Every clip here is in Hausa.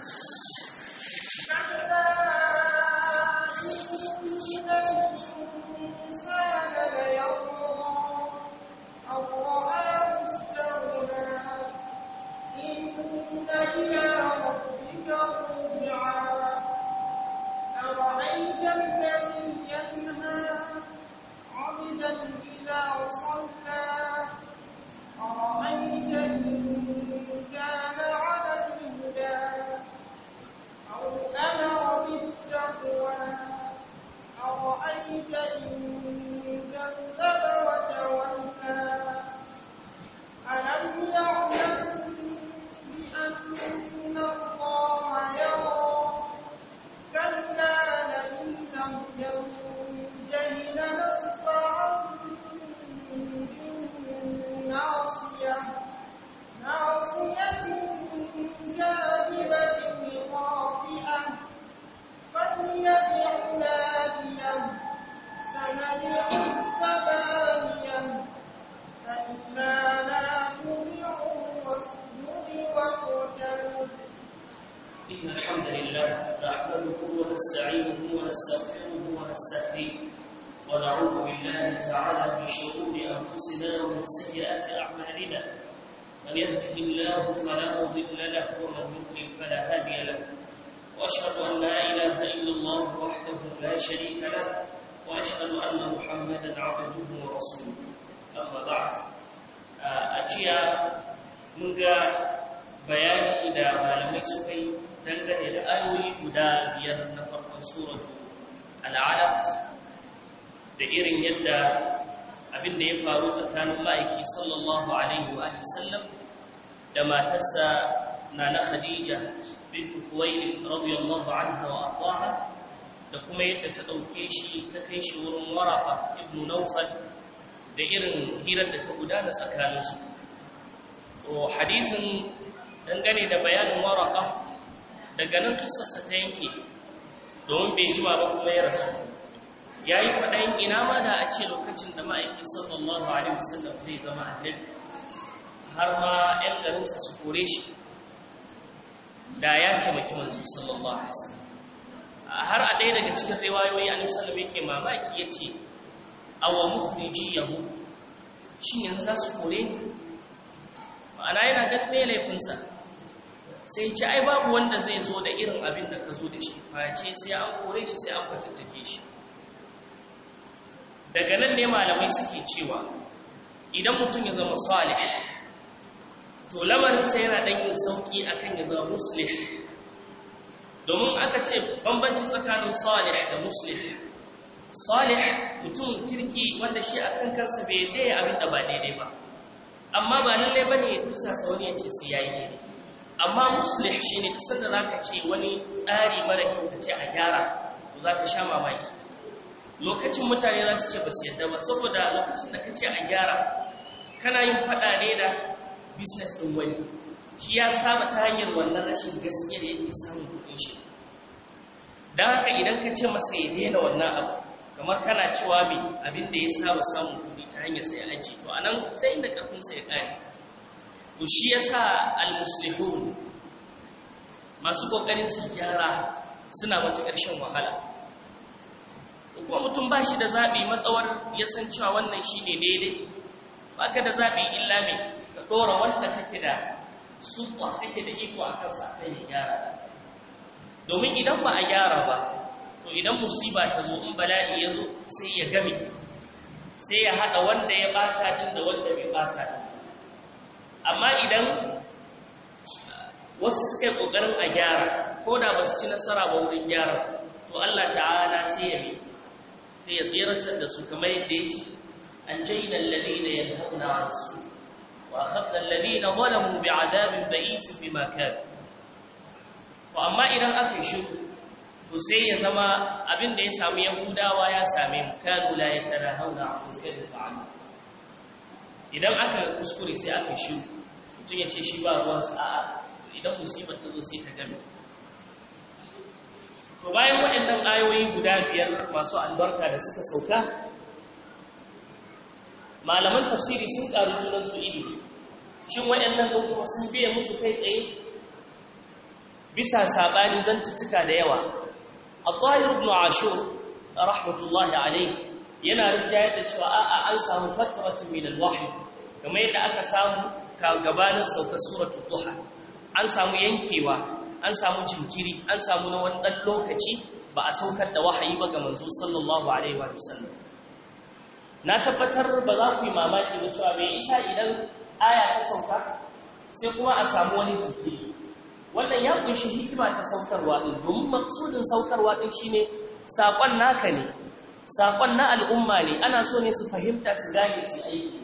Yes. إن الحمد لله نحمده ونستعينه ونستغفره ونستهديه ونعوذ بالله تعالى من شرور أنفسنا ومن سيئات أعمالنا من يهده الله فلا مضل له ومن يضلل فلا هادي له وأشهد أن لا إله إلا الله وحده لا شريك له وأشهد أن محمدا عبده ورسوله أما بعد أتيا آه، منذ بيان إذا ما لم يسقي dangane da ayoyi guda biyar na farkon suratu al'ada, da irin yadda abin da ya faru tsakanin ma'aiki sallallahu alaihi wa sallam da matarsa na na khadija bintu kuwaili radiyallahu anha wa da kuma yadda ta ɗauke shi ta kai shi wurin warafa ibnu naufal da irin hirar da ta gudana tsakaninsu To hadisin dangane da bayanin waraka daga nan kasarsa ta yanke domin bai jima ba kuma ya rasu ya yi faɗayin ina ma da a ce lokacin da ma'aiki sallallahu alaihi wasallam zai zama annabi har ma 'yan garinsa su kore shi da ya taimaki manzo sallallahu alaihi wasallam har a ɗaya daga cikin riwayoyi annabi sallallahu alaihi yake mamaki yace awa mukhrijiyahu shin yanzu za su kore ma'ana yana ganin laifinsa sai ci ai babu wanda zai zo da irin abin da ka zo da shi face sai an kore shi sai an fatattake shi daga nan ne malamai suke cewa idan mutum ya zama salih to sai yana ɗan yin sauƙi akan ya zama muslim domin aka ce bambanci tsakanin salih da muslim salih mutum kirki wanda shi akan kansa bai daya abin da ba daidai ba amma ba lallai ne ya tusa sauri ya ce sai yayi daidai amma musulun shi ne ta sanda za ka ce wani tsari mara kyau ka ce a gyara ko za ka sha mamaki lokacin mutane za su ce ba su yadda ba saboda lokacin da ka ce a gyara kana yin faɗa ne da business din wani shi ya saba ta hanyar wannan rashin gaskiya da yake samun kudin shi don haka idan ka ce masa ya daina wannan abu kamar kana cewa mai abin ya saba samun kuɗi ta hanyar sai aji to anan sai inda ƙarfinsa ya ƙare to shi yasa al-muslihun masu kokarin su gyara suna matuƙar shan wahala kuma mutum ba shi da zaɓi matsawar ya san cewa wannan shi ne daidai ba ka da zaɓi illa mai ka ɗora wanda kake da suƙwa kake da iko a kansa kan ya gyara domin idan ba a gyara ba to idan musiba ta zo in bala'i ya zo sai ya game sai ya haɗa wanda ya ɓata ɗin da wanda bai ɓata ɗin amma idan wasu suka yi ƙoƙarin a gyara ko da ba su ci nasara ba wurin gyara to Allah ta'ala sai ya mai sai ya tseratar da su kamar yadda ya ce an jaina alladhina yanhauna 'an su wa akhadna alladhina zalamu bi'adabin ba'isin bi kanu Ko amma idan aka yi shiru to sai ya zama abin da ya samu yahudawa ya same mu kanu la yatanahuna 'an munkar fa'alu idan aka kuskure sai aka shiru mutum ya ce shi ba ruwan sa'a idan musibar ta zo sai ta gami to bayan waɗannan ayoyi guda biyar masu albarka da suka sauka malaman tafsiri sun ƙaru su ilimi shin waɗannan ɗin kuma sun biya musu kai tsaye bisa saɓani zantuttuka da yawa a ibn ashur rahmatullahi alaihi yana rijayar da cewa a'a an samu fataratu min wahayi kamar yadda aka samu gabanin sauka suratul duha an samu yankewa an samu jinkiri an samu na wani dan lokaci ba a saukar da wahayi ba ga manzo sallallahu alaihi wa sallam na tabbatar ba za ku yi mamaki da cewa bai isa idan aya ta sauka sai kuma a samu wani jinkiri wannan ya kunshi hikima ta saukarwa din domin maksudin saukarwa din shine saƙon naka ne saƙon na al'umma ne ana so ne su fahimta su gane su aiki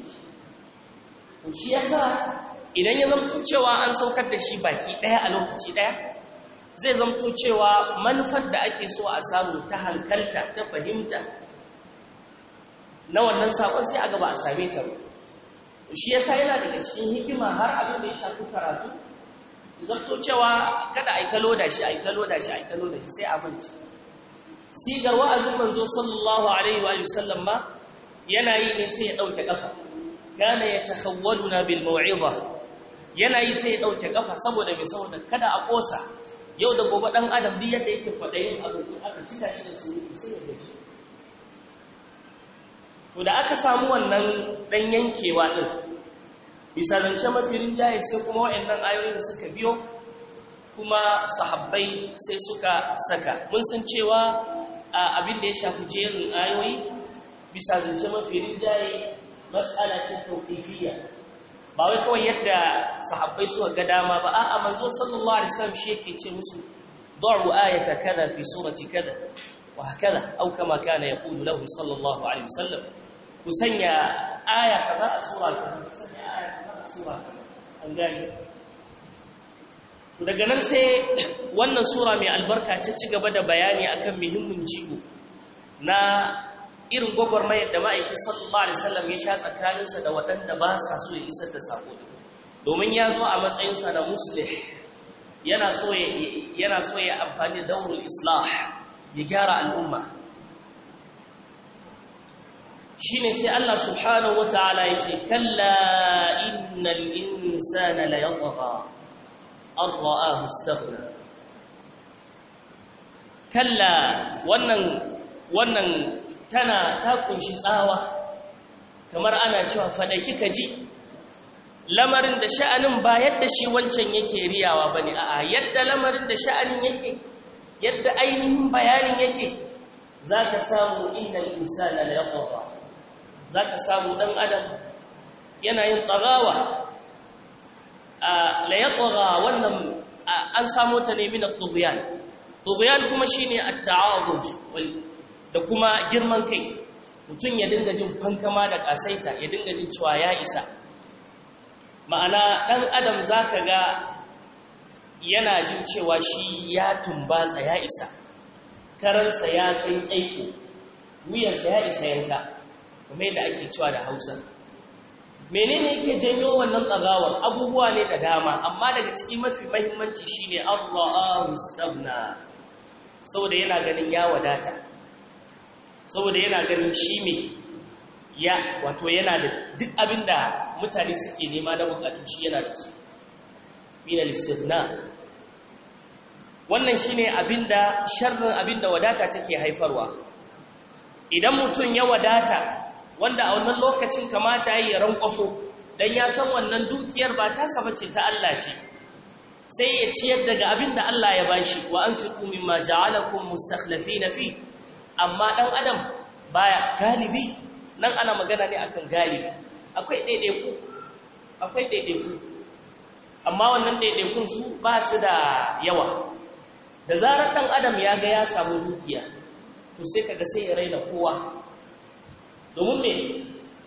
shi sa idan ya zamto cewa an saukar da shi baki ɗaya a lokaci ɗaya zai zamto cewa manufar da ake so a samu ta hankalta ta fahimta na wannan saƙon sai a gaba a same ta shi sa yana daga cikin hikima har abin da ya shafi karatu zamto cewa kada a yi talo da shi a yi talo da shi a yi talo da shi sai abinci ga wa'azin manzo sallallahu alaihi wa sallam ma yana yi ne sai ya dauke kafa gane ya tahawwaluna bil mau'iza yana yi sai ya dauke kafa saboda mai saboda kada a kosa yau da gobe dan adam duk yadda yake faɗa yin abu aka cika shi da su sai ya to da aka samu wannan dan yankewa din misalance mafi rinjaye sai kuma wa'annan ayoyin da suka biyo kuma sahabbai sai suka saka mun san cewa abin da ya shafi jerin ayoyi bisa zance mafi rinjaye matsala ce tauqifiyya ba wai kawai yadda sahabbai suka ga dama ba a'a manzo sallallahu alaihi wasallam shi yake ce musu da'u ayata kada fi surati kada wa hakaza aw kama kana yaqulu lahu sallallahu alaihi wasallam ku sanya aya kaza a sura kaza ku sanya aya kaza a sura kaza an gani daga nan sai wannan sura mai albarka ta ci gaba da bayani akan muhimmin jigo na irin gwagwarmayar da ma'aikin sallallahu alaihi wasallam ya sha tsakaninsa da waɗanda ba sa so ya isar da sako domin ya zo a matsayinsa na muslim yana so ya yana so ya amfani da daurul islah ya gyara al'umma shine sai Allah subhanahu wataala ya ce kalla innal insana la yatgha an ra'ahu istaghna kalla wannan wannan tana ta kunshi tsawa kamar ana cewa kika ji, lamarin da sha'anin ba yadda shi wancan yake riyawa bane a'a yadda lamarin da sha'anin yake yadda ainihin bayanin yake zaka samu innal insana la yaqwa zaka samu dan adam yana yin tagawa la tsara wannan an samo ta ne min at-tughyan tughyan kuma shine at-ta'arud da kuma girman kai mutum ya dinga jin fankama da kasaita ya dinga jin cewa ya isa ma'ana dan adam zaka ga yana jin cewa shi ya tumbatsa ya isa karansa ya kai tsaiko wuyansa ya isa yanka kuma yadda ake cewa da Hausa menene yake janyo wannan tsagawar abubuwa ne da dama amma daga ciki mafi mahimmanci shine Allah istabna saboda yana ganin ya wadata saboda yana ganin shi me ya wato yana da duk abinda mutane suke nema na bukatu shi yana da su min al-istibna wannan shine abinda sharrin abinda wadata take haifarwa idan mutum ya wadata wanda a wannan lokacin kamata ya yi rankwafo don ya san wannan dukiyar ba ta saba ce ta Allah ce sai ya ciyar daga abin da Allah ya bashi wa an su kumi ma ja'alakun mustaklafi na fi amma ɗan adam baya galibi nan ana magana ne akan galibi akwai ɗaiɗaiku akwai ɗaiɗaiku amma wannan ɗaiɗaikun su ba su da yawa da zarar ɗan adam ya ga ya samu dukiya to sai kaga sai ya raina kowa domin me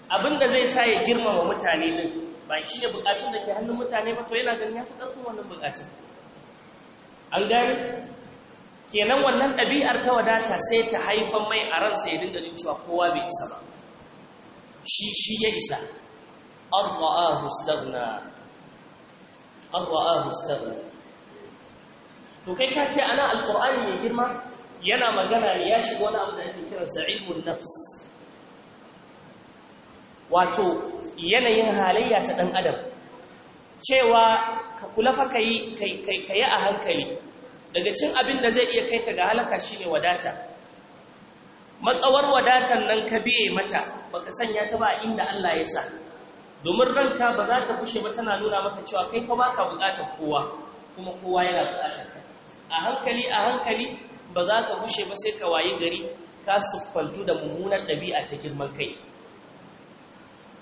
abin da zai sa ya girmama mutane din ba shi ne bukatun da ke hannun mutane ba to yana ganin ya fi ƙarfin wannan bukatun an gane kenan wannan ɗabi'ar ta wadata sai ta haifan mai a ransa ya dinga jin cewa kowa bai isa ba shi shi ya isa an ra'ahu na. an na. to kai ka ce ana alqur'ani mai girma yana magana ya shiga wani abu da ake kiransa ilmun nafs wato yanayin halayya ta ɗan adam cewa ka kula fa ka yi a hankali daga cin abin da zai iya kai ka ga halaka shine wadata matsawar wadatan nan ka biye mata baka sanya ta ba inda Allah ya sa domin ranta ba za ta kushe ba tana nuna maka cewa kai fa baka buƙatar kowa kuma kowa yana buƙatar a hankali a hankali ba za ka kushe ba sai ka wayi gari ka siffantu da mummunar ɗabi'a ta girman kai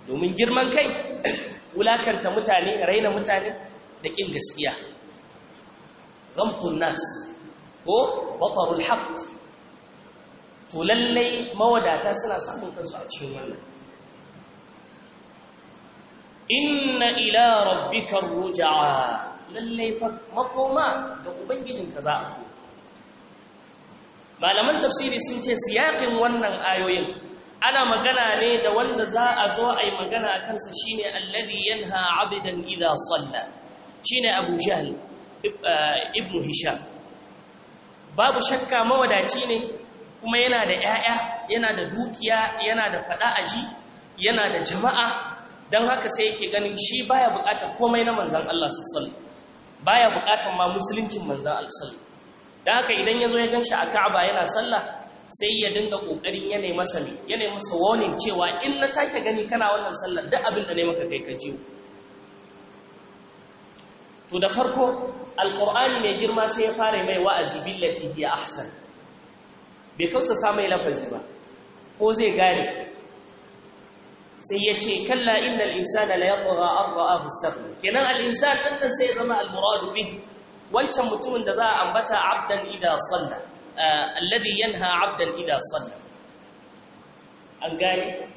domin girman kai wulakanta mutane raina mutane da ƙin gaskiya zamtun nas ko batarul to lallai mawadata suna samun kansu a cikin wannan inna ila rabbika rujaa lallai fa makoma ga ubangijinka za a malaman tafsiri sun ce siyakin wannan ayoyin ana magana ne da wanda za a zo a yi magana a kansa shi ne alladhi yanha abidan idha salla shi ne abu jahl uh, ibn hisham babu shakka mawadaci ne kuma yana da 'ya'ya yana da dukiya yana da fada aji yana da jama'a don haka sai yake ganin shi baya buƙatar komai na manzan Allah sallallahu baya buƙatar ma musuluncin manzan Allah sallallahu don haka idan ya zo ya gan shi a Ka'aba yana sallah sai ya dinga kokarin yana masa ne cewa in na sake gani kana wannan sallar duk abin da ne maka kai ka jiwo to da farko alqur'ani mai girma sai ya fara mai wa'azi billati bi ahsan bai kausa sa mai lafazi ba ko zai gane sai ya ce kalla innal insana la yatgha an ra'ahu istaghna kenan al insan dan sai ya zama al muradu bih wancan mutumin da za a ambata abdan idza sallah alladhi yanha 'abdan idha salla an gane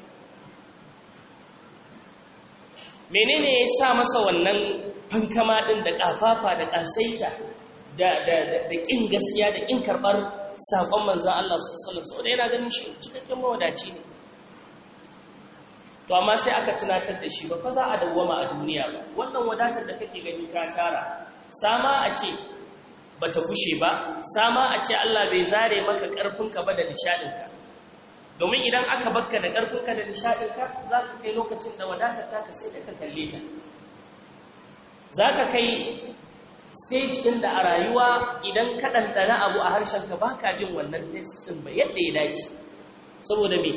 menene ya sa masa wannan fankama din da kafafa da kasaita da da da kin gaskiya da kin karbar sakon manzon Allah sallallahu alaihi wasallam yana ganin shi cikakken mawadaci ne to amma sai aka tunatar da shi ba fa za a dawwama a duniya ba wannan wadatar da kake gani ka tara sama a ce bata gushe ba sama a ce Allah bai zare maka ƙarfinka ba da nishaɗinka domin idan aka bakka da ƙarfinka da nishaɗinka za ka kai lokacin da wadatar ta ka sai da ka kalle ta za ka kai stage ɗin da a rayuwa idan ka ɗanɗana abu a harshenka ba ka jin wannan testin ba yadda ya dace saboda me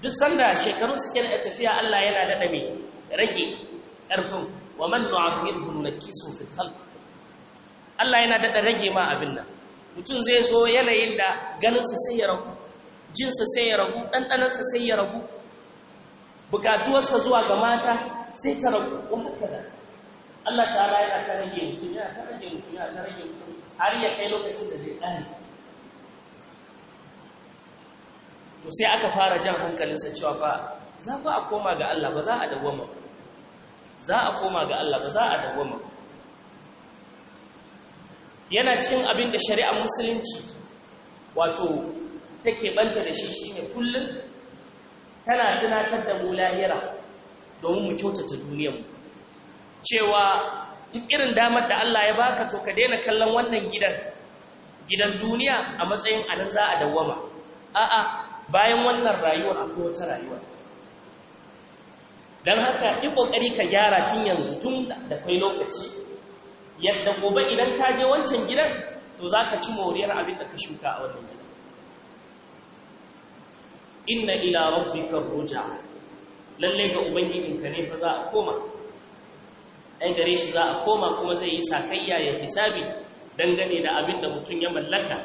duk sanda shekaru suke da tafiya Allah yana daɗa me rage ƙarfin wa man nu'akhidhu nakisu fi khalq Allah yana daɗa rage ma abin nan mutum zai zo yanayin da ganinsa sai ya ragu jinsa sai ya ragu ɗanɗanansa sai ya ragu Buƙatuwarsa zuwa ga mata sai ta ragu wanda Allah ta ala ta rage mutum yana ta rage mutum yana ta rage mutum har ya kai lokacin da zai ɗani to sai aka fara jan hankalinsa cewa fa za ku a koma ga Allah ba za a dawwama za a koma ga Allah ba za a dawwama yana cikin abin da shari'ar musulunci wato take banta da shi shine kullum tana tunatar da mu lahira domin mu kyautata duniyar mu. cewa duk irin damar da Allah ya baka to ka daina kallon wannan gidan gidan duniya a matsayin anan za a dawwama a'a bayan wannan rayuwar akwai wata rayuwa dan haka yi kokari ka gyara tun yanzu tun da kai lokaci yadda gobe idan ka je wancan gidan to za ka ci moriyar abin da ka shuka a wannan gidan inna ila rabbika ruja lalle ga ubangijinka ne fa za a koma ai gare shi za a koma kuma zai yi sakayya ya hisabi dangane da abin da mutum ya mallaka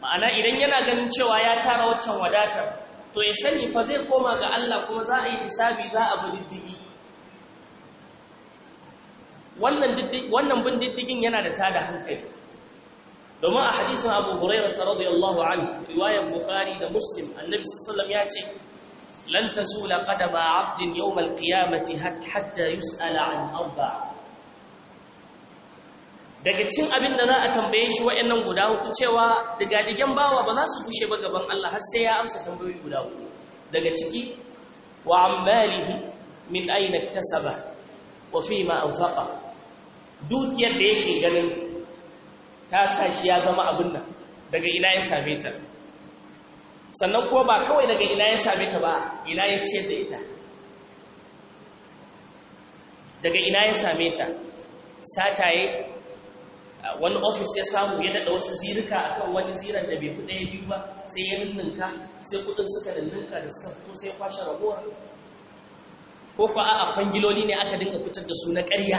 ma'ana idan yana ganin cewa ya tara waccan wadatar to ya sani fa zai koma ga Allah kuma za a yi hisabi za a bi diddigi wannan bin diddigin yana da tada hankali domin a hadisin abu hurairah radiyallahu anhu riwayar bukhari da muslim annabi sallallahu alaihi wasallam ya ce lan tasula qadama 'abdin yawm al-qiyamati hatta yus'ala an arba daga cin abin da za a tambaye shi wa'annan guda uku cewa digadigen bawa ba za su gushe ba gaban Allah har sai ya amsa tambayoyi guda uku daga ciki wa ammalihi min aina iktasaba wa fima anfaqa dukiyar da yake ganin ta sa shi ya zama abin nan daga ina ya same ta sannan kuma ba kawai daga ina ya same ta ba ina ya ce da ita daga ina ya same ta sataye wani ofis ya samu ya daɗa wasu zirika kan wani ziran da bai kuɗa ya biyu ba sai ya ninninka sai kuɗin suka ninninka da suka fito sai ya kwashe rabuwa? ko fa a fangiloli ne aka dinga fitar da su na ƙarya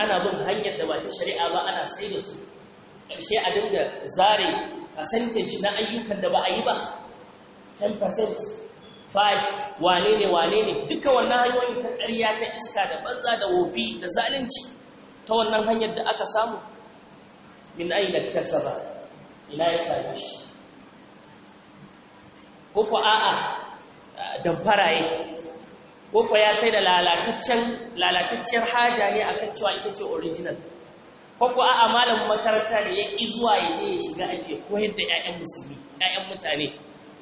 ana bin hanyar da ba ta shari'a ba ana sai da su ƙarshe a dinga zare percentage na ayyukan da ba a yi ba 10% 5 wane ne wane ne duka wannan hanyoyin ta ƙarya ta iska da banza da wobi, da zalunci ta wannan hanyar da aka samu min aina ba? ina ya same shi ko ko a'a damfara yake ko ya sai da lalataccen lalatacciyar haja ne akan cewa ita ce original ko ko a'a malamin makaranta da ya ƙi zuwa ya je ya shiga ake koyar da ƴaƴan musulmi ƴaƴan mutane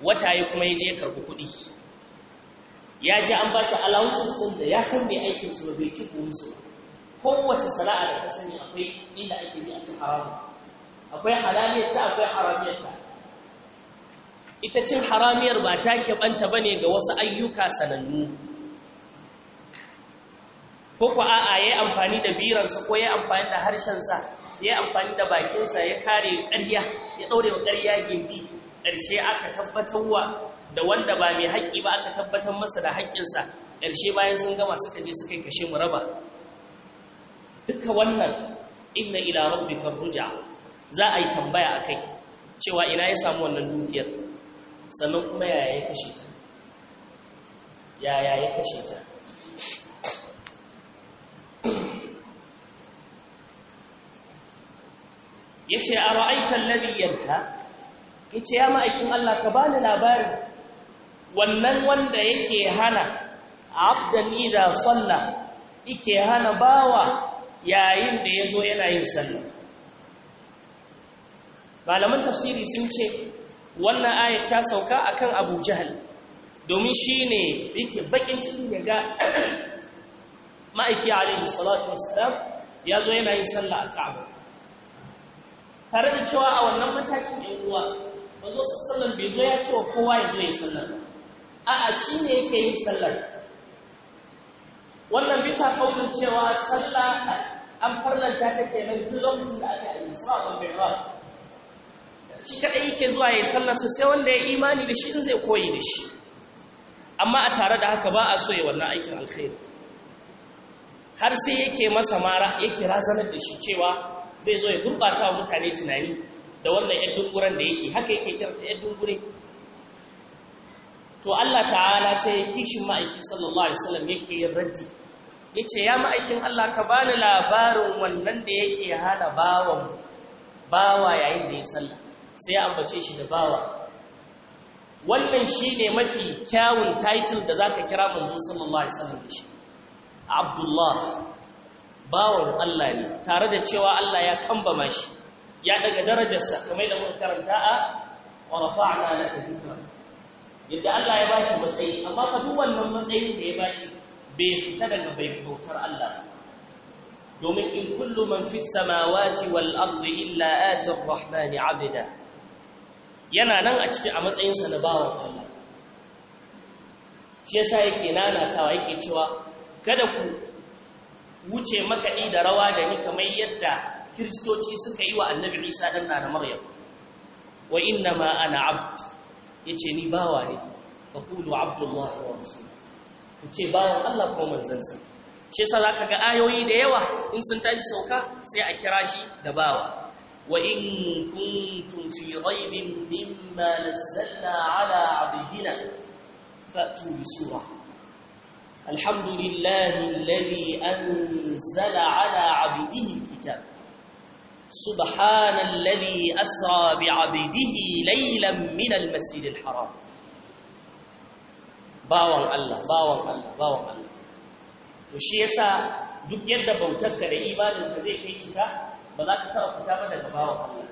wata ya kuma ya je ya karɓi kuɗi ya je an ba shi allowances ɗin da ya san mai aikin su bai ci buhun su kowace sana'a da ka sani akwai inda ake bi a ci haramu akwai halaliyar ta akwai haramiyar ta ita cin haramiyar ba ta keɓanta ba ne ga wasu ayyuka sanannu ko ku a'a yayi amfani da biransa ko yayi amfani da harshensa yayi amfani da bakinsa ya kare ƙarya ya daure wa ƙarya gindi ƙarshe aka tabbatarwa da wanda ba mai haƙƙi ba aka tabbatar masa da haƙƙinsa ƙarshe bayan sun gama suka je suka kashe mu raba duka wannan inna ila rabbika ruja za a yi tambaya akai cewa ina ya samu wannan dukiyar sannan kuma yaya ya kashe ta yaya ya kashe ta ce a ra'aitar labiyarta ya ce ya ma'aikin Allah ka bani labarin wannan wanda yake hana abdani da salla yake hana bawa yayin da yazo yana yin sallah malaman tafsiri sun ce wannan ayat ta sauka akan Abu Jahal domin shine yake bakin cikin ya ga ma'aiki alaihi salatu wassalam yazo yana yin sallah a Ka'aba tare da cewa a wannan matakin ɗan uwa su sallar bai zo ya ce wa kowa ya zo ya sallar a'a shi ne yake yin sallar wannan bisa kaunin cewa sallah an farlanta ta nan duk lokacin da aka yi sa'a bai ba shi kaɗai yake zuwa ya yi sallarsa sai wanda ya imani da shi in zai koyi da shi amma a tare da haka ba a so ya wannan aikin alkhairi har sai yake masa mara yake razanar da shi cewa zai zo ya gurbata wa mutane tunani da wannan ‘yan dunguren da yake haka yake kiranta ‘yan dungure to Allah ta'ala sai ya kishin ma'aiki sallallahu alaihi wasallam yake yin raddi ya ce ya ma'aikin Allah ka bani labarin wannan da yake hana bawan bawa yayin da ya sallah sai ya ambace shi da bawa wannan shi ne mafi kyawun title da za ka kira manzo sallallahu alaihi wasallam da shi abdullah bawan Allah ne tare da cewa Allah ya kambama shi ya daga darajarsa kamar da muka karanta a wa rafa'na laka dhikra yadda Allah ya bashi matsayi amma fa duk wannan matsayin da ya bashi bai fita daga bai bautar Allah domin in kullu man fis samawati wal ardi illa ati ar-rahmani 'abda yana nan a cikin a matsayinsa na bawan Allah shi yasa yake nanatawa yake cewa kada ku wuce makaɗi da rawa da ni kamar yadda kiristoci suka yi wa annabi isa dan na maryam wa inna ma ana abd yace ni bawa ne ka kulu abdullah wa rasul ku ce bawan allah ko manzansa shi yasa za ka ga ayoyi da yawa in sun tashi sauka sai a kira shi da bawa wa in kuntum fi raibin mimma nazzalna ala abdina fa'tu bi surah الحمد لله الذي أنزل على عبده الكتاب سبحان الذي أسرى بعبده ليلا من المسجد الحرام باوان الله باوان الله باوان الله وشي يسا duk yadda bautarka da imaninka zai kai cika ba za ka taɓa fita ba daga bawa Allah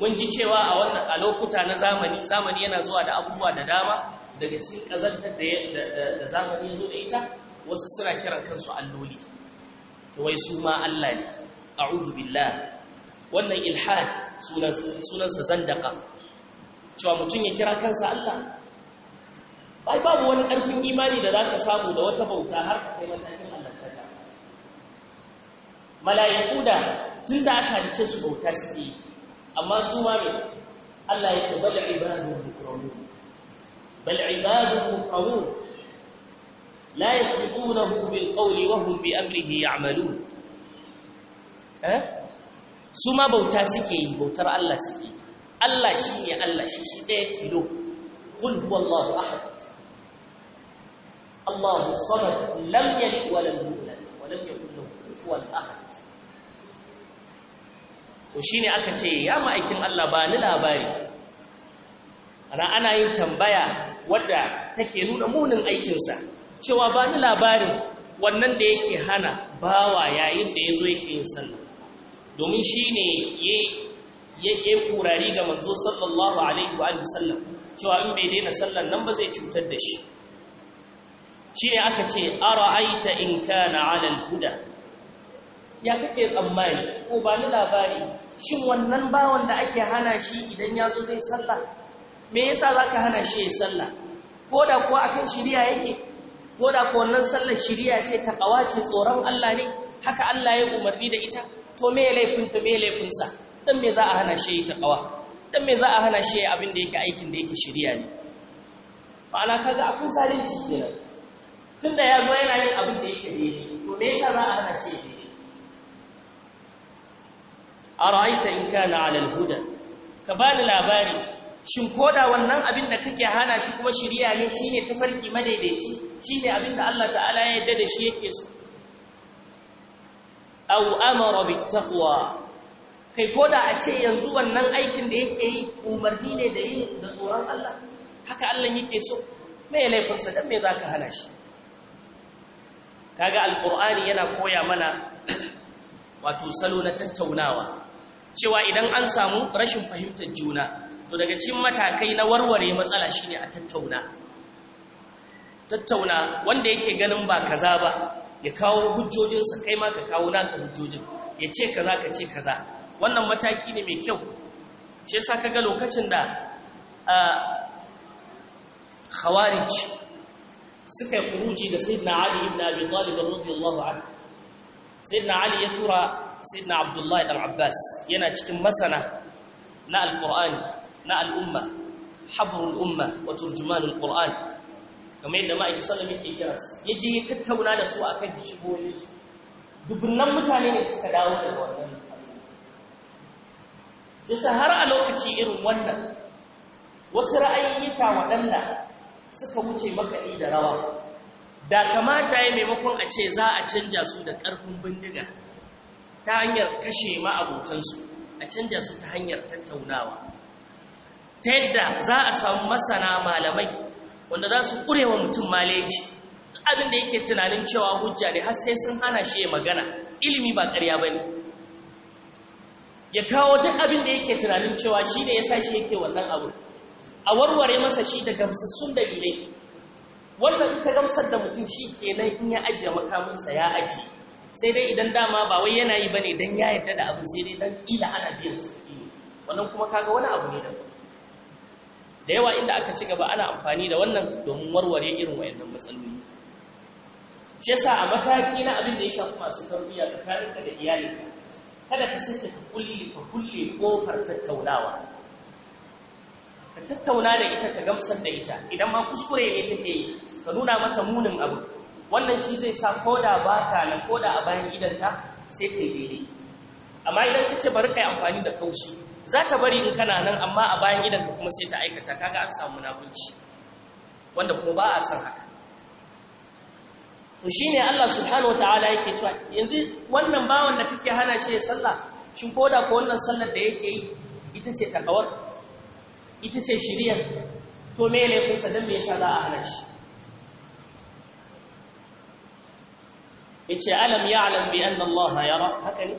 mun ji cewa a wannan a lokuta na zamani zamani yana zuwa da abubuwa da dama daga cikin ƙazantar da zamani ya zo da ita wasu suna kiran kansu alloli wai su ma Allah ne a'udhu billah wannan ilhad sunansa zandaka cewa mutum ya kira kansa Allah bai babu wani ƙarfin imani da za ka samu da wata bauta har ka kai matakin allantaka mala'iku da tun da aka halice su bauta suke amma su ma ne Allah ya ce bada ibadu da kuramu بل عباد مكرمون لا يسبقونه بالقول وهم بأمره يعملون su ma bauta suke yi bautar Allah suke yi Allah shi ne Allah shi shi ɗaya tilo kul huwallahu ahad Allahu samad lam yalid wa lam yulad wa lam yakul lahu kufuwan ahad to shine aka ce ya ma'aikin Allah labari ana ana yin tambaya wadda take nuna munin aikinsa cewa ba ni labarin wannan da yake hana bawa yayin da ya zo yake yin sallah domin shi ne ya yi kurari ga manzo sallallahu alaihi wa sallam cewa in bai daina sallar nan ba zai cutar da shi shi ne aka ce ara'aita in kana alal huda ya kake tsammani ko ba ni labari shin wannan bawan da ake hana shi idan ya zo zai sallah me yasa za ka hana shi ya sallah ko da kuwa akan shirya yake ko da kuwa wannan sallar shirya ce ta ce tsoron Allah ne haka Allah ya umarni da ita to me ya laifinta me laifin laifinsa dan me za a hana shi ya kawa? dan me za a hana shi abin da yake aikin da yake shiriya ne ma'ana kaga akwai zalunci kenan tunda ya zo yana yin abin da yake daidai to me yasa za a hana shi daidai ara'aita in kana 'ala al-huda ka bani labari shin koda wannan abin da kake hana shi kuma shirya ne shine tafarki madaidaici shine abin da Allah ta'ala ya yarda da shi yake so aw amara taqwa kai koda a ce yanzu wannan aikin da yake yi umarni ne da yi da tsoron Allah haka Allah yake so me laifinsa dan me zaka hana shi kaga alqur'ani yana koya mana wato salo na tattaunawa cewa idan an samu rashin fahimtar juna to daga cikin matakai na warware matsala shine a tattauna tattauna wanda yake ganin ba kaza ba ya kawo hujjojinsa kai ma ka kawo naka hujjojin ya ce kaza ka ce kaza wannan mataki ne mai kyau shi yasa kaga lokacin da khawarij suka yi kuruji da sayyidina ali ibn abi talib radiyallahu anhu sayyidina ali ya tura sayyidina abdullahi dan abbas yana cikin masana na alqur'ani na al'umma habrul umma wa turjumanul qur'an kamar yadda ma'aikatan sallama ke kira ya je ya tattauna da su akan shigoyin su dubunnan mutane ne suka dawo da wannan yasa har a lokaci irin wannan wasu ra'ayyuka waɗanda suka wuce makaɗi da rawa da kamata ya maimakon a ce za a canja su da ƙarfin bindiga ta hanyar kashe ma'abotansu a canja su ta hanyar tattaunawa ta yadda za a samu masana malamai wanda za su ƙurewa mutum maleji abin da yake tunanin cewa hujja ne har sai sun hana shi magana ilimi ba ƙarya ba ne ya kawo duk abin da yake tunanin cewa shi ne ya sa shi yake wannan abu a warware masa shi da gamsassun dalilai wanda in ka gamsar da mutum shi kenan in ya ajiye makaminsa ya ajiye sai dai idan dama ba wai yana yi ba ne don ya yarda da abu sai dai don ila ana biyan su wannan kuma kaga wani abu ne daban da yawa inda aka ci gaba ana amfani da wannan domin warware irin wayannan matsaloli shi yasa a mataki na abin da ya shafi masu tarbiyya ka da iyali kada ka sake ka kulle ka kulle kofar tattaunawa ka tattauna da ita ka gamsar da ita idan ma kuskure ne take yi ka nuna mata munin abu wannan shi zai sa koda ba ka na koda a bayan gidanta sai ta yi daidai amma idan ka ce bari ka yi amfani da kaushi za ta bari in kana nan amma a bayan gidanka kuma sai ta aikata kaga an samu munafunci wanda kuma ba a san haka to shine Allah subhanahu wataala yake cewa yanzu wannan bawan da kake hana shi ya sallah shi ko da ko wannan sallar da yake yi ita ce takawar ita ce shiriyar to me laifinsa don me yasa za a hana shi yace alam ya'lam bi anna Allah yara haka ne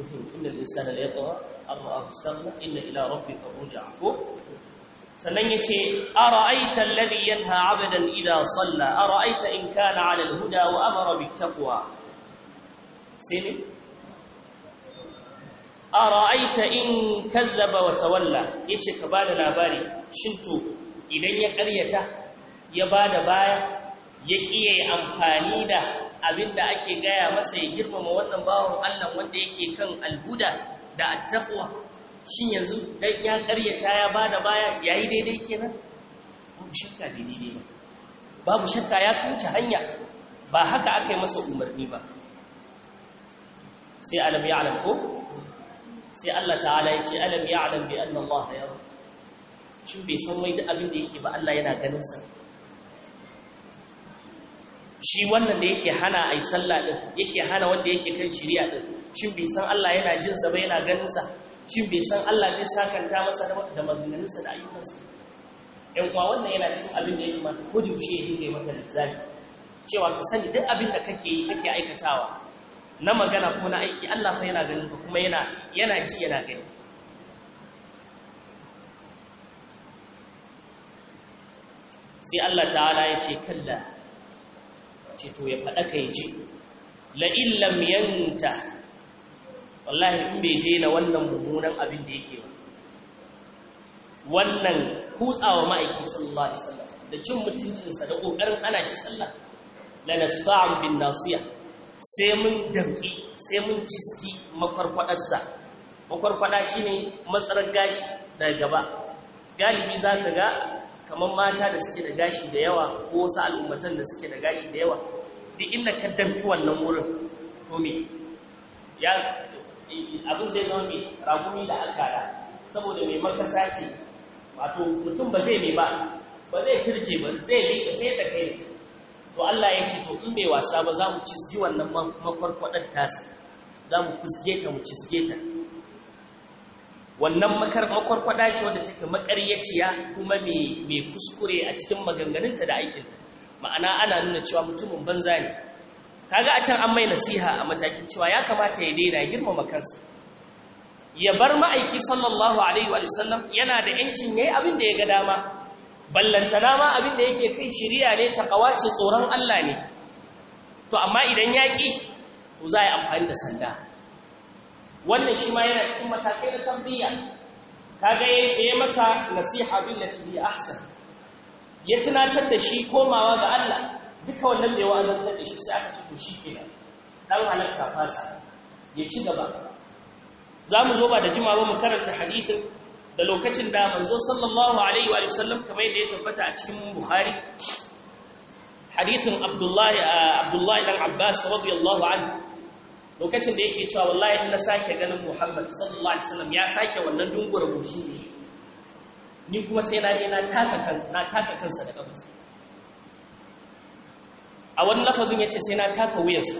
inna al-insana la yatgha an ra'ahu istaghna inna ila rabbika ruj'a ko sannan yace ara'aita alladhi yanha 'abdan idha salla ara'aita in kana 'ala al-huda wa amara bit-taqwa sai ne ara'aita in kazzaba wa tawalla yace ka bada labari shin to idan ya ƙaryata ya bada baya ya iya amfani da abin da ake gaya masa ya girmama wannan bawan Allah wanda yake kan alhuda da attaqwa shin yanzu dai ya karyata ya bada baya yayi daidai kenan babu shakka daidai ba babu shakka ya kauce hanya ba haka aka yi masa umarni ba sai alam ya'lam ko sai Allah ta'ala ya ce alam ya'lam bi anna Allah yara shin bai san wai duk abin da yake ba Allah yana ganin sa shi wannan da yake hana a yi sallah din yake hana wanda yake kan shirya din shi bai san Allah yana jin sa ba yana ganin sa shi bai san Allah zai sakanta masa da maganganun sa da ayyukan sa ɗan uwa wannan yana cikin abin da ya mata ko da yaushe ya dinga maka lissafi cewa ka sani duk abin da kake yi kake aikatawa na magana ko na aiki Allah fa yana ganin ka kuma yana yana ji yana gani sai Allah ta'ala ya ce kalla ce to ya faɗa ka yi ji la'in yanta wallahi in bai daina wannan mummunan abin da yake ba wannan kutsawa ma'aiki sallallahu alaihi wasallam da cin mutuncinsa da ƙoƙarin ana shi sallah la nasfa'an bin nasiya sai mun danki sai mun ciski makwarkwadarsa makwarkwada shine matsarar gashi daga gaba galibi za ka ga kamar mata da suke da gashi da yawa ko wasu al'ummatan da suke da gashi da yawa duk inda ka damfi wannan wurin to me ya abin zai zama mai ragumi da alkada saboda mai makasa ce wato mutum ba zai mai ba ba zai kirje ba zai ka sai da kai to Allah ya ce to in bai wasa ba za mu cisgi wannan makwarkwadar tasa za mu kusge ka mu cisge ta wannan makarɓar kwaɗa ce wadda take makaryaciya kuma mai kuskure a cikin maganganunta da aikinta ma'ana ana nuna cewa mutumin banza ne ga a can an mai nasiha a matakin cewa ya kamata ya daina girmama kansa ya bar ma'aiki sallallahu alaihi wa sallam yana da yancin yayi abin da ya ga dama ballantana ma abin da yake kai shiriya ne ta kawace tsoron Allah ne to amma idan yaƙi to za a yi amfani da sanda wannan shi ma yana cikin matakai na tarbiyya kaga ya masa nasiha billati bi ahsan ya tunatar da shi komawa ga Allah duka wannan bai wa'azantar da shi sai aka ce to shikenan dan halakka fasa ya ci gaba za mu zo ba da jimawa mu karanta hadisin da lokacin da manzo sallallahu alaihi wa sallam kamar yadda ya tabbata a cikin bukhari hadisin abdullahi abdullahi dan abbas radiyallahu anhu lokacin da yake cewa wallahi na sake ganin Muhammad sallallahu alaihi wasallam ya sake wannan dungura goshi ne ni kuma sai na je na taka kan na taka kansa da kafarsa a wani lafazin yace sai na taka wuyansa.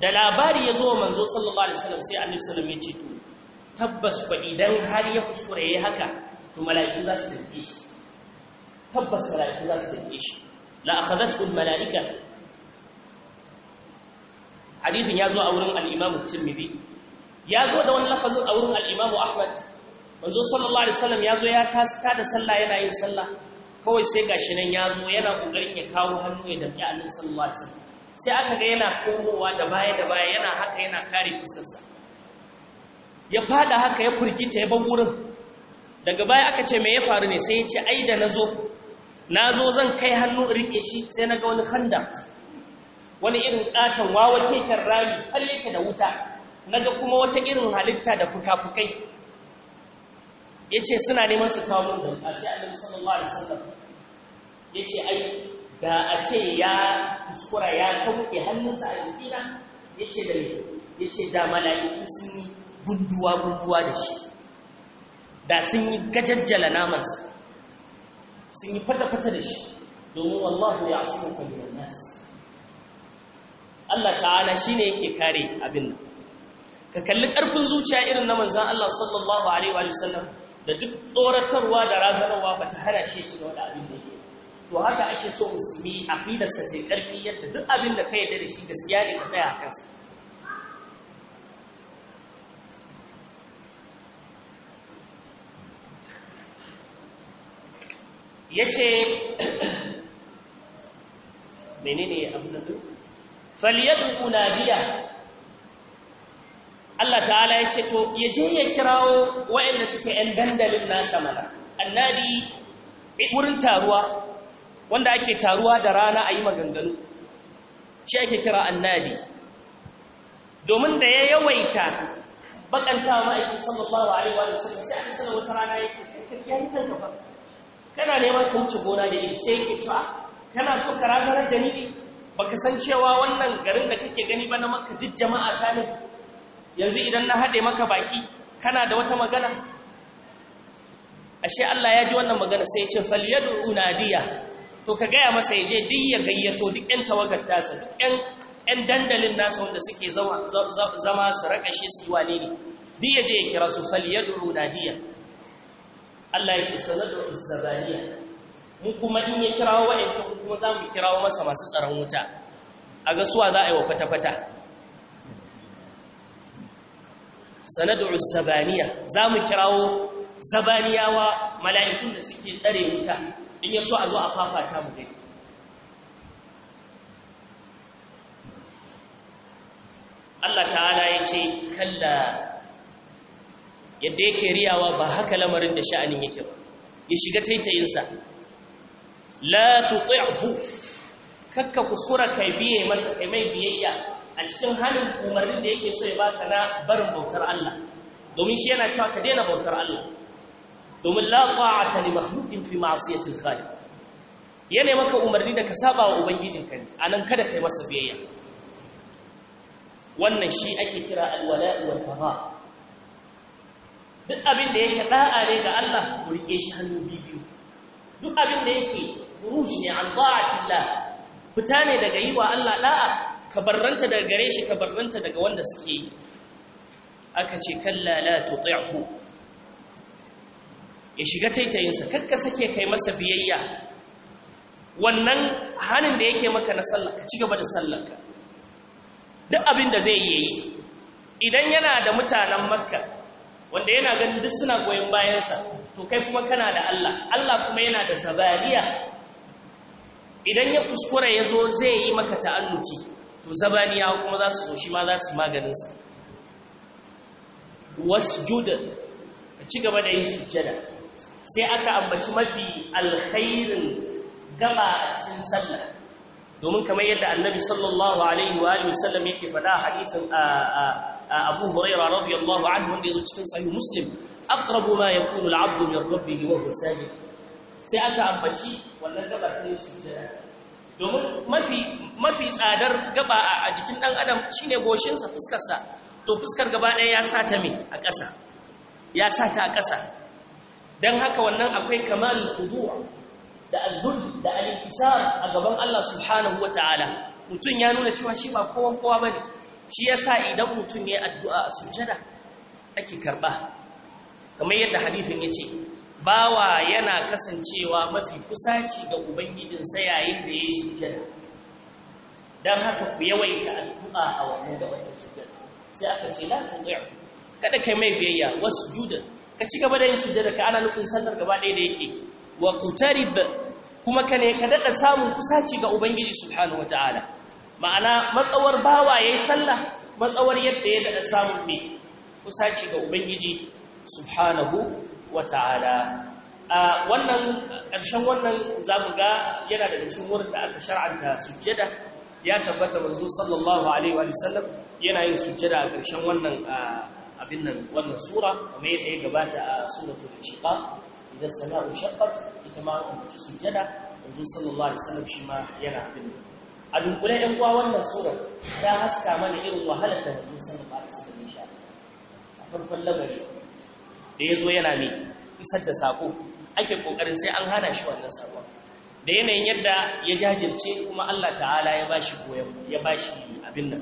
da labari ya zo wa manzo sallallahu alaihi wasallam sai annabi sallallahu alaihi wasallam ya ce to tabbas fa idan har ya kusura yayi haka to mala'iku za su tafi shi tabbas mala'iku za su tafi shi la akhadhatu al mala'ika hadisin ya zo a wurin al-Imam Tirmidhi ya zo da wani lafazin a wurin al-Imam Ahmad manzo sallallahu alaihi wasallam ya zo ya tasita da sallah yana yin sallah kawai sai gashi nan ya zo yana kokarin ya kawo hannu ya danki Annabi sallallahu alaihi wasallam sai aka ga yana komowa da baya da baya yana haka yana kare fuskarsa ya fada haka ya furgita ya bar wurin daga baya aka ce me ya faru ne sai ya ce ai da nazo nazo zan kai hannu in rike shi sai na ga wani handak wani irin ƙaton wawa keken rami har yake da wuta naga kuma wata irin halitta da fukafukai ce suna neman su kawo mun ɗan sai annabi da alaihi Ya ce ai da a ce ya kuskura ya sauke hannunsa a jikina Ya ce da Ya ce da mala'iku sun yi gunduwa gunduwa da shi da sun yi gajajjala namansa sun yi fata-fata da shi domin wallahu ya asu kwallon nasu Allah ta'ala shine yake kare abin nan ka kalli ƙarfin zuciya irin na manzon Allah sallallahu alaihi wa sallam da duk tsoratarwa da razanarwa ba ta hana shi ci wani abin da yake to haka ake so musulmi aqidarsa ta ƙarfi yadda duk abin da ka yarda da shi gaskiya ne ka tsaya a kansa yace menene abin duk? falyad'u nadiya Allah ta'ala ya ce to ya je ya kirawo waɗanda suke ɗan dandalin nasa mana annadi wurin taruwa wanda ake taruwa da rana a yi maganganu shi ake kira annadi domin da ya yawaita bakanta ma'aikin sallallahu alaihi wa sallam sai aka sanar wata rana yake kai kanka ba kana neman kauce gona da ni sai ke cewa kana so ka razanar da ni baka san cewa wannan garin da kake gani ba na maka duk jama'a ta ne yanzu idan na haɗe maka baki kana da wata magana ashe Allah ya ji wannan magana sai ya ce falyad'u unadiya to ka gaya masa ya je duk ya gayyato duk ƴan tawagar tasa duk ƴan dandalin nasa wanda suke zama su rakashe su yi wane ne duk ya je ya kira su falyad'u unadiya Allah ya ce sanad'u zabaniya mu kuma in ya kirawo wa'ancan kuma za mu kirawo masa masu tsaron wuta a ga suwa za a yi wa fata-fata. sanadu zabaniya za mu kirawo zabaniyawa mala'ikun da suke tsare wuta in ya so a zo a fafata mu gani Allah ta'ala ya ce kalla yadda yake riyawa ba haka lamarin da sha'anin yake ba ya shiga taitayinsa la tuti'hu kakka kuskura kai biye masa kai mai biyayya a cikin halin umarnin da yake so ya baka na barin bautar Allah domin shi yana cewa ka daina bautar Allah domin la ta'ata li makhluqin fi ma'siyati khaliq yana maka umarni da ka saba wa ka ne anan kada kai masa biyayya wannan shi ake kira alwala'i wal bara duk abin da yake da'a ne ga Allah mu rike shi hannu biyu duk abin da yake furuj ne an ta'atillah fita ne daga yiwa Allah da'a ka daga gare shi ka daga wanda suke aka ce kalla la tuti'hu ya shiga taitayinsa kakka sake kai masa biyayya wannan hanin da yake maka na sallah ka cigaba da da sallarka duk abin da zai yi idan yana da mutanen makka wanda yana ganin duk suna goyon bayansa to kai kuma kana da Allah Allah kuma yana da sabariya idan ya kuskura ya zo zai yi maka ta'alluti to zabaniya kuma za su zo shi ma za su maganinsa wasjuda a ci gaba da yin sujjada sai aka ambaci mafi alkhairin gaba a cikin sallah domin kamar yadda annabi sallallahu alaihi wa alihi wasallam yake faɗa hadisin abu huraira radiyallahu anhu wanda yazo cikin sahih muslim aqrabu ma yakunu al min rabbihi wa huwa sajid sai aka ambaci wannan gaba ta yi sujjada domin mafi tsadar gaba a jikin ɗan adam shine goshinsa fuskarsa to fuskar gaba ɗaya ya sa ta mai a ƙasa ya sa ta a ƙasa Don haka wannan akwai kamar khudu' da al da a gaban Allah subhanahu Ta'ala. mutum ya nuna cewa shi ba kowa kowa ne. shi ya sa idan mutum ya addu'a a sujjada ake karɓa. kamar yadda hadithin ce. bawa yana kasancewa mafi kusaci ga ubangijinsa yayin da ya yi sujjada don haka ku yawaita addu'a a wannan da wannan sujjada sai aka ce la tudi'u kada kai mai biyayya wasjuda ka ci gaba da yin sujjada ka ana nufin sallar gaba ɗaya da yake wa qutarib kuma ka ne ka daɗa samun kusaci ga ubangiji subhanahu wataala ma'ana matsawar bawa yayi sallah matsawar yadda ya daɗa samun me kusaci ga ubangiji subhanahu wa ta'ala a wannan ƙarshen wannan zamu ga yana daga cikin wurin da aka shar'anta sujjada ya tabbata manzo sallallahu alaihi wa sallam yana yin sujjada a ƙarshen wannan abin nan wannan sura kamar yadda ya gabata a suratul inshiqaq idan sama'u shaqqat ita ma an ci sujjada manzo sallallahu alaihi wa sallam shi ma yana abin nan a dunkule ɗan uwa wannan surar ta haska mana irin wahalar da mutum sanin ba su da nisha a farkon lamari da ya zo yana mai isar da sako ake kokarin sai an hana shi wannan sakon da yanayin yadda ya jajirce kuma Allah ta'ala ya bashi goyon ya bashi abin nan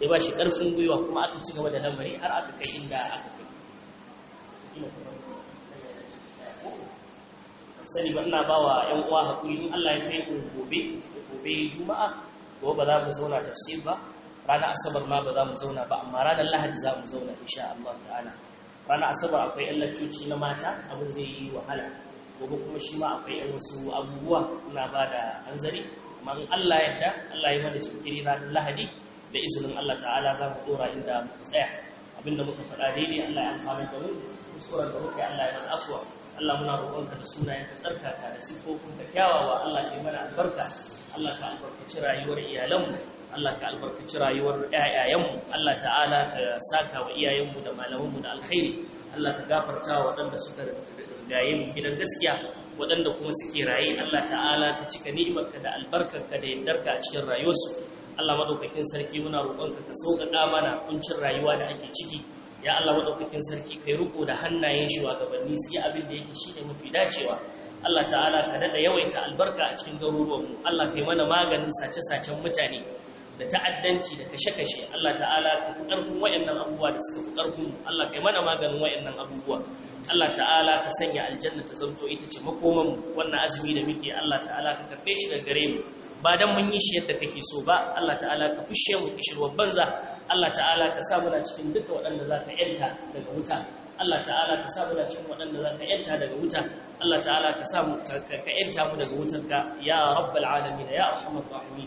ya bashi karfin gwiwa kuma aka ci gaba da lamari har aka kai inda aka kai sani ba ina bawa yan uwa hakuri in Allah ya kai mu gobe gobe juma'a gobe ba za mu zauna tafsir ba ranar asabar ma ba za mu zauna ba amma ranar lahadi za mu zauna insha Allah ta'ala ranar asabar akwai yan laccoci na mata abin zai yi wahala gobe kuma shi ma akwai yan wasu abubuwa na ba da hanzari amma in allah yadda allah yi mana jinkiri ranar lahadi da izinin allah ta'ala za mu dora inda muka tsaya abinda muka faɗa daidai allah ya amfani da mu kusurar da muka yi allah ya mana asuwa. allah muna roƙonka da sunayen ka tsarkaka da siffofin ka kyawawa allah ya mana albarka allah ka albarkaci rayuwar iyalanmu Allah ka albarkaci rayuwar ƴaƴayenmu Allah ta'ala ka saka wa iyayenmu da malamanmu da alkhairi Allah ka gafarta wa waɗanda suka rigaye mu gidan gaskiya waɗanda kuma suke raye Allah ta'ala ka cika ni'imarka da albarkarka da yardarka a cikin rayuwarsu Allah madaukakin sarki muna roƙonka ka sauƙaƙa mana kuncin rayuwa da ake ciki ya Allah madaukakin sarki kai riko da hannayen shugabanni su yi abin da yake shine mafi dacewa Allah ta'ala ka daɗa yawaita albarka a cikin garuruwanmu Allah kai mana maganin sace-sacen mutane da ta'addanci da kashe-kashe Allah ta'ala ka fi ƙarfin wayannan abubuwa da suka fi ƙarfin Allah kai mana maganin wayannan abubuwa Allah ta'ala ka sanya aljanna ta zamto ita ce makoman wannan azumi da muke Allah ta'ala ka karfe shi da gare mu ba dan mun yi shi yadda kake so ba Allah ta'ala ka fushe mu kishirwar banza Allah ta'ala ka sa muna cikin duka waɗanda za ka yanta daga wuta Allah ta'ala ka sa muna cikin waɗanda za ka yanta daga wuta Allah ta'ala ka sa mu ka yanta mu daga wutarka. ya rabbal alamin ya arhamar rahimin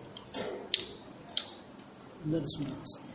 let us know.